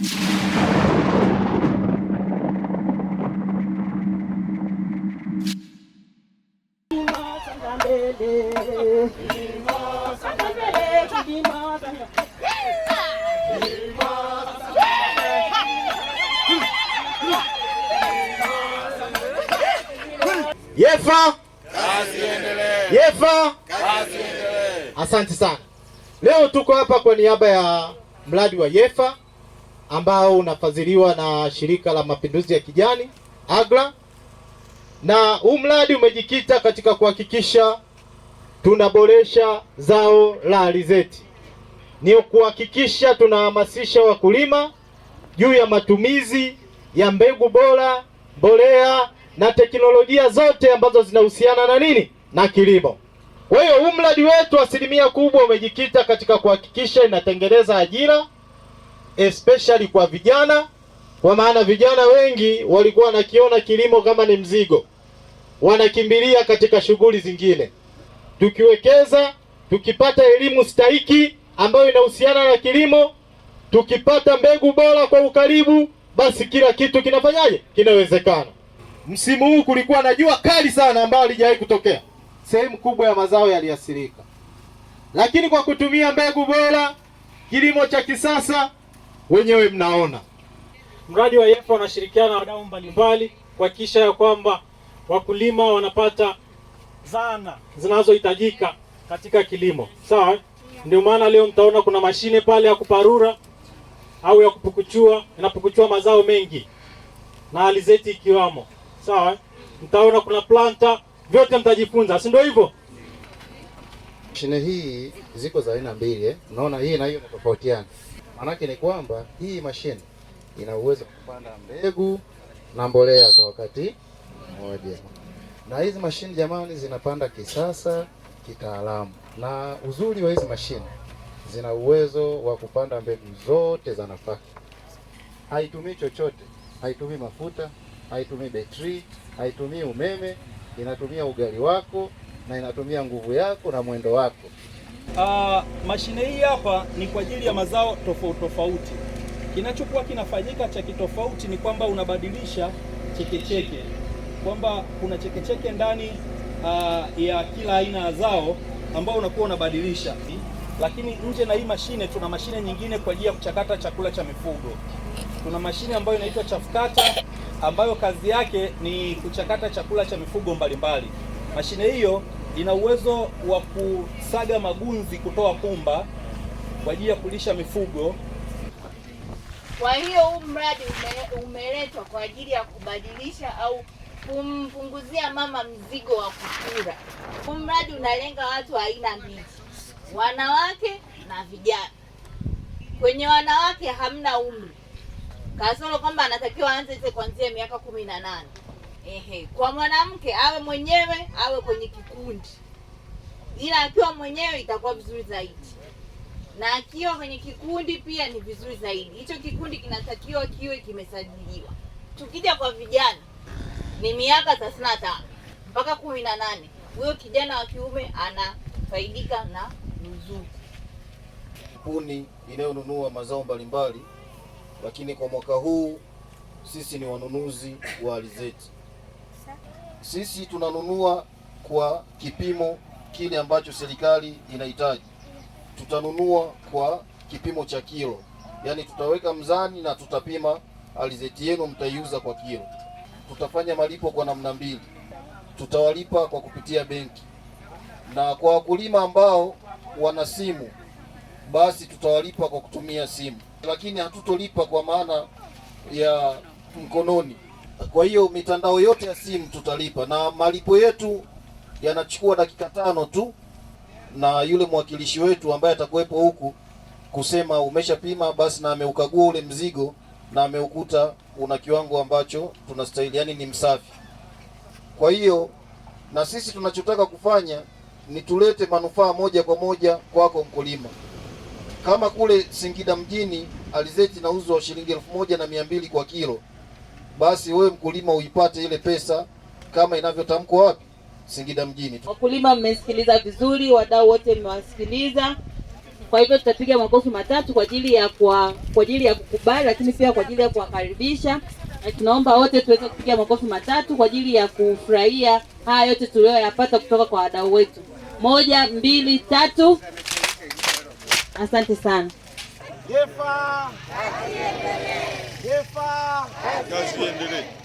Yefa, Yefa, asante sana. Leo tuko hapa kwa niaba ya mradi wa Yefa ambao unafadhiliwa na shirika la mapinduzi ya kijani AGRA, na huu mradi umejikita katika kuhakikisha tunaboresha zao la alizeti, ni kuhakikisha tunahamasisha wakulima juu ya matumizi ya mbegu bora, mbolea na teknolojia zote ambazo zinahusiana na nini na kilimo. Kwa hiyo huu mradi wetu asilimia kubwa umejikita katika kuhakikisha inatengeneza ajira especially kwa vijana, kwa maana vijana wengi walikuwa wanakiona kilimo kama ni mzigo, wanakimbilia katika shughuli zingine. Tukiwekeza, tukipata elimu stahiki ambayo inahusiana na kilimo, tukipata mbegu bora kwa ukaribu, basi kila kitu kinafanyaje? Kinawezekana. Msimu huu kulikuwa na jua kali sana ambayo halijawahi kutokea, sehemu kubwa ya mazao yaliathirika, lakini kwa kutumia mbegu bora, kilimo cha kisasa wenyewe mnaona. Mradi wa YEFFA unashirikiana na wadau mbalimbali kuhakikisha ya kwamba wakulima wanapata zana zinazohitajika katika kilimo. Sawa, ndio maana leo mtaona kuna mashine pale ya kuparura au ya kupukuchua, inapukuchua mazao mengi na alizeti ikiwamo. Sawa, mtaona kuna planta, vyote mtajifunza, si ndio hivyo? Mashine hii ziko za aina mbili eh? Unaona hii na hiyo inatofautiana. Maanake ni kwamba hii mashine ina uwezo wa kupanda mbegu na mbolea kwa wakati mmoja, na hizi mashine jamani, zinapanda kisasa kitaalamu, na uzuri wa hizi mashine zina uwezo wa kupanda mbegu zote za nafaka. Haitumii chochote, haitumii mafuta, haitumii betri, haitumii umeme, inatumia ugali wako na inatumia nguvu yako na mwendo wako. Uh, mashine hii hapa ni kwa ajili ya mazao tofauti tofauti. Kinachokuwa kinafanyika cha kitofauti ni kwamba unabadilisha chekecheke, kwamba kuna chekecheke ndani uh, ya kila aina ya zao ambao unakuwa unabadilisha, lakini nje na hii mashine tuna mashine nyingine kwa ajili ya kuchakata chakula cha mifugo. Tuna mashine ambayo inaitwa chafukata ambayo kazi yake ni kuchakata chakula cha mifugo mbalimbali. Mashine hiyo ina uwezo wa kusaga magunzi kutoa pumba kwa ajili ya kulisha mifugo. Kwa hiyo huu mradi umeletwa kwa ajili ya kubadilisha au kumpunguzia mama mzigo wa kukura Huu mradi unalenga watu aina mbili, wanawake na vijana. Kwenye wanawake hamna umri, kasoro kwamba anatakiwa aanze kuanzia miaka kumi na nane. Ehe, kwa mwanamke awe mwenyewe awe kwenye kikundi, ila akiwa mwenyewe itakuwa vizuri zaidi, na akiwa kwenye kikundi pia ni vizuri zaidi. Hicho kikundi kinatakiwa kiwe kimesajiliwa. Tukija kwa vijana ni miaka thelathini na tano mpaka kumi na nane huyo kijana wa kiume anafaidika na ruzuku. Kampuni inayonunua mazao mbalimbali, lakini kwa mwaka huu sisi ni wanunuzi wa alizeti. Sisi tunanunua kwa kipimo kile ambacho serikali inahitaji. Tutanunua kwa kipimo cha kilo, yaani tutaweka mzani na tutapima alizeti yenu, mtaiuza kwa kilo. Tutafanya malipo kwa namna mbili, tutawalipa kwa kupitia benki, na kwa wakulima ambao wana simu basi tutawalipa kwa kutumia simu, lakini hatutolipa kwa maana ya mkononi. Kwa hiyo mitandao yote ya simu tutalipa, na malipo yetu yanachukua dakika tano tu, na yule mwakilishi wetu ambaye atakuwepo huku kusema umeshapima basi, na ameukagua ule mzigo na ameukuta una kiwango ambacho tunastahili, yani ni msafi. Kwa hiyo na sisi tunachotaka kufanya ni tulete manufaa moja kwa moja kwako mkulima. Kama kule Singida mjini alizeti nauzwa shilingi elfu moja na mia mbili kwa kilo basi wewe mkulima uipate ile pesa kama inavyotamkwa wapi? Singida mjini. Wakulima mmesikiliza vizuri, wadau wote mmewasikiliza. Kwa hivyo tutapiga makofi matatu kwa ajili ya kwa, kwa ajili ya kukubali, lakini pia kwa ajili ya kuwakaribisha, na tunaomba wote tuweze kupiga makofi matatu kwa ajili ya kufurahia haya yote tuliyoyapata kutoka kwa wadau wetu. Moja, mbili, tatu. Asante sana. Kazi it.